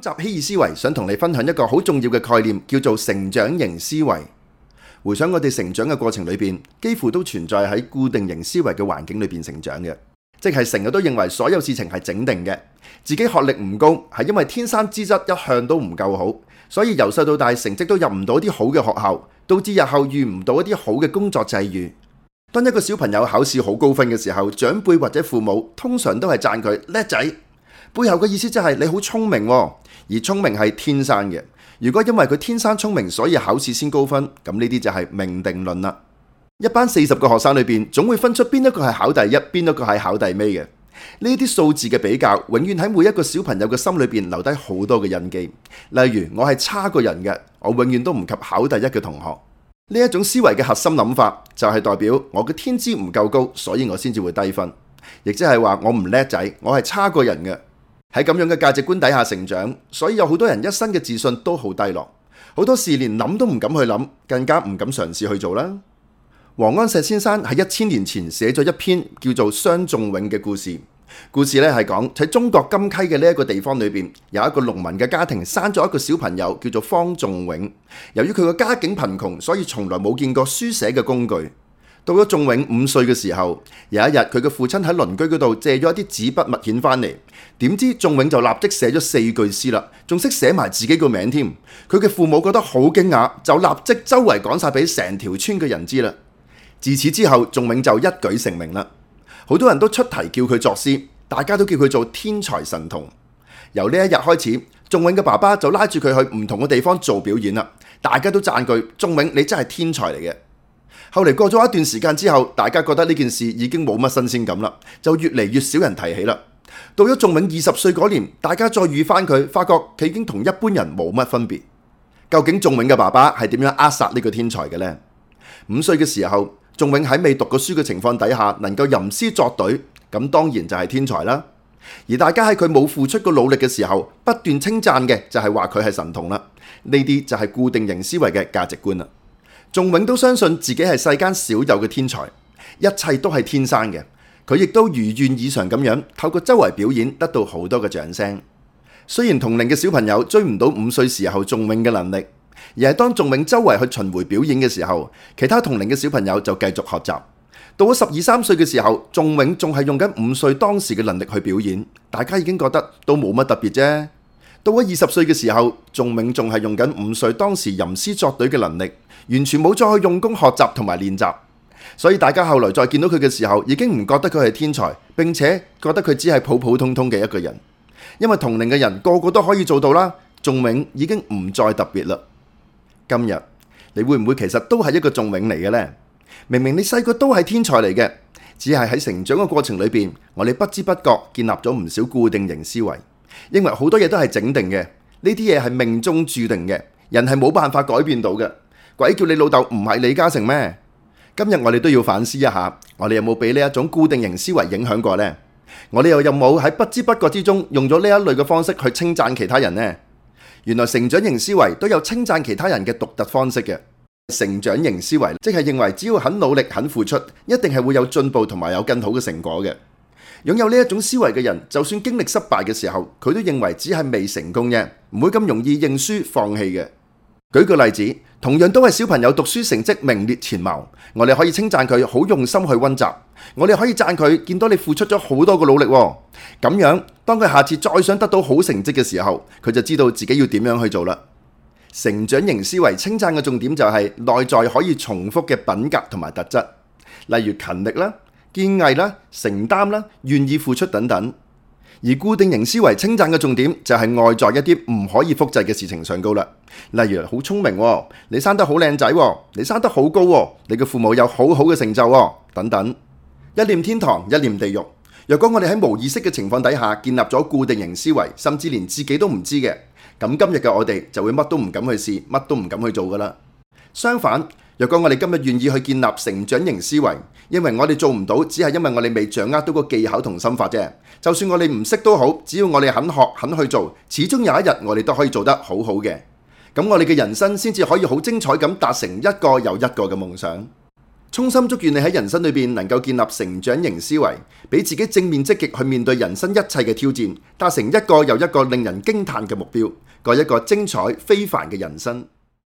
今集希爾思維，想同你分享一個好重要嘅概念，叫做成長型思維。回想我哋成長嘅過程裏邊，幾乎都存在喺固定型思維嘅環境裏邊成長嘅，即係成日都認為所有事情係整定嘅。自己學歷唔高，係因為天生資質一向都唔夠好，所以由細到大成績都入唔到啲好嘅學校，導致日後遇唔到一啲好嘅工作際遇。當一個小朋友考試好高分嘅時候，長輩或者父母通常都係讚佢叻仔。背後嘅意思就係你好聰明，哦，而聰明係天生嘅。如果因為佢天生聰明，所以考試先高分，咁呢啲就係命定論啦。一班四十個學生裏邊，總會分出邊一個係考第一，邊一個係考第尾嘅。呢啲數字嘅比較，永遠喺每一個小朋友嘅心裏邊留低好多嘅印記。例如我係差個人嘅，我永遠都唔及考第一嘅同學。呢一種思維嘅核心諗法，就係、是、代表我嘅天資唔夠高，所以我先至會低分，亦即係話我唔叻仔，我係差過人嘅。喺咁樣嘅價值觀底下成長，所以有好多人一生嘅自信都好低落，好多事連諗都唔敢去諗，更加唔敢嘗試去做啦。王安石先生喺一千年前寫咗一篇叫做《傷仲永》嘅故事，故事咧係講喺中國金溪嘅呢一個地方裏邊有一個農民嘅家庭生咗一個小朋友叫做方仲永。由於佢嘅家境貧窮，所以從來冇見過書寫嘅工具。到咗仲永五歲嘅時候，有一日佢嘅父親喺鄰居嗰度借咗一啲紙筆墨硯翻嚟，點知仲永就立即寫咗四句詩啦，仲識寫埋自己個名添。佢嘅父母覺得好驚訝，就立即周圍講晒俾成條村嘅人知啦。自此之後，仲永就一舉成名啦，好多人都出題叫佢作詩，大家都叫佢做天才神童。由呢一日開始，仲永嘅爸爸就拉住佢去唔同嘅地方做表演啦，大家都讚佢：「仲永你真係天才嚟嘅！」後嚟過咗一段時間之後，大家覺得呢件事已經冇乜新鮮感啦，就越嚟越少人提起啦。到咗仲永二十歲嗰年，大家再遇翻佢，發覺佢已經同一般人冇乜分別。究竟仲永嘅爸爸係點樣扼殺呢個天才嘅呢？五歲嘅時候，仲永喺未讀過書嘅情況底下，能夠吟詩作對，咁當然就係天才啦。而大家喺佢冇付出過努力嘅時候，不斷稱讚嘅就係話佢係神童啦。呢啲就係固定型思維嘅價值觀啦。仲永都相信自己係世間少有嘅天才，一切都係天生嘅。佢亦都如願以償咁樣透過周圍表演得到好多嘅掌聲。雖然同齡嘅小朋友追唔到五歲時候仲永嘅能力，而係當仲永周圍去巡迴表演嘅時候，其他同齡嘅小朋友就繼續學習。到咗十二三歲嘅時候，仲永仲係用緊五歲當時嘅能力去表演，大家已經覺得都冇乜特別啫。到咗二十歲嘅時候，仲永仲係用緊五歲當時吟詩作對嘅能力，完全冇再去用功學習同埋練習，所以大家後來再見到佢嘅時候，已經唔覺得佢係天才，並且覺得佢只係普普通通嘅一個人，因為同齡嘅人個個都可以做到啦。仲永已經唔再特別啦。今日你會唔會其實都係一個仲永嚟嘅呢？明明你細個都係天才嚟嘅，只係喺成長嘅過程裏邊，我哋不知不覺建立咗唔少固定型思維。因為好多嘢都係整定嘅，呢啲嘢係命中注定嘅，人係冇辦法改變到嘅。鬼叫你老豆唔係李嘉誠咩？今日我哋都要反思一下，我哋有冇俾呢一種固定型思維影響過呢？我哋又有冇喺不知不覺之中用咗呢一類嘅方式去稱讚其他人呢？原來成長型思維都有稱讚其他人嘅獨特方式嘅。成長型思維即係認為只要肯努力、肯付出，一定係會有進步同埋有更好嘅成果嘅。擁有呢一種思維嘅人，就算經歷失敗嘅時候，佢都認為只係未成功嘅，唔會咁容易認輸放棄嘅。舉個例子，同樣都係小朋友讀書成績名列前茅，我哋可以稱讚佢好用心去溫習，我哋可以讚佢見到你付出咗好多嘅努力喎。咁樣，當佢下次再想得到好成績嘅時候，佢就知道自己要點樣去做啦。成長型思維稱讚嘅重點就係內在可以重複嘅品格同埋特質，例如勤力啦。建議啦，承擔啦，願意付出等等，而固定型思維稱讚嘅重點就係外在一啲唔可以複製嘅事情上高啦，例如好聰明，你生得好靚仔，你生得好高，你嘅父母有好好嘅成就等等。一念天堂，一念地獄。若果我哋喺無意識嘅情況底下建立咗固定型思維，甚至連自己都唔知嘅，咁今日嘅我哋就會乜都唔敢去試，乜都唔敢去做噶啦。相反，若果我哋今日願意去建立成長型思維，因為我哋做唔到，只係因為我哋未掌握到個技巧同心法啫。就算我哋唔識都好，只要我哋肯學肯去做，始終有一日我哋都可以做得好好嘅。咁我哋嘅人生先至可以好精彩咁達成一個又一個嘅夢想。衷心祝願你喺人生裏邊能夠建立成長型思維，俾自己正面積極去面對人生一切嘅挑戰，達成一個又一個令人驚嘆嘅目標，過一個精彩非凡嘅人生。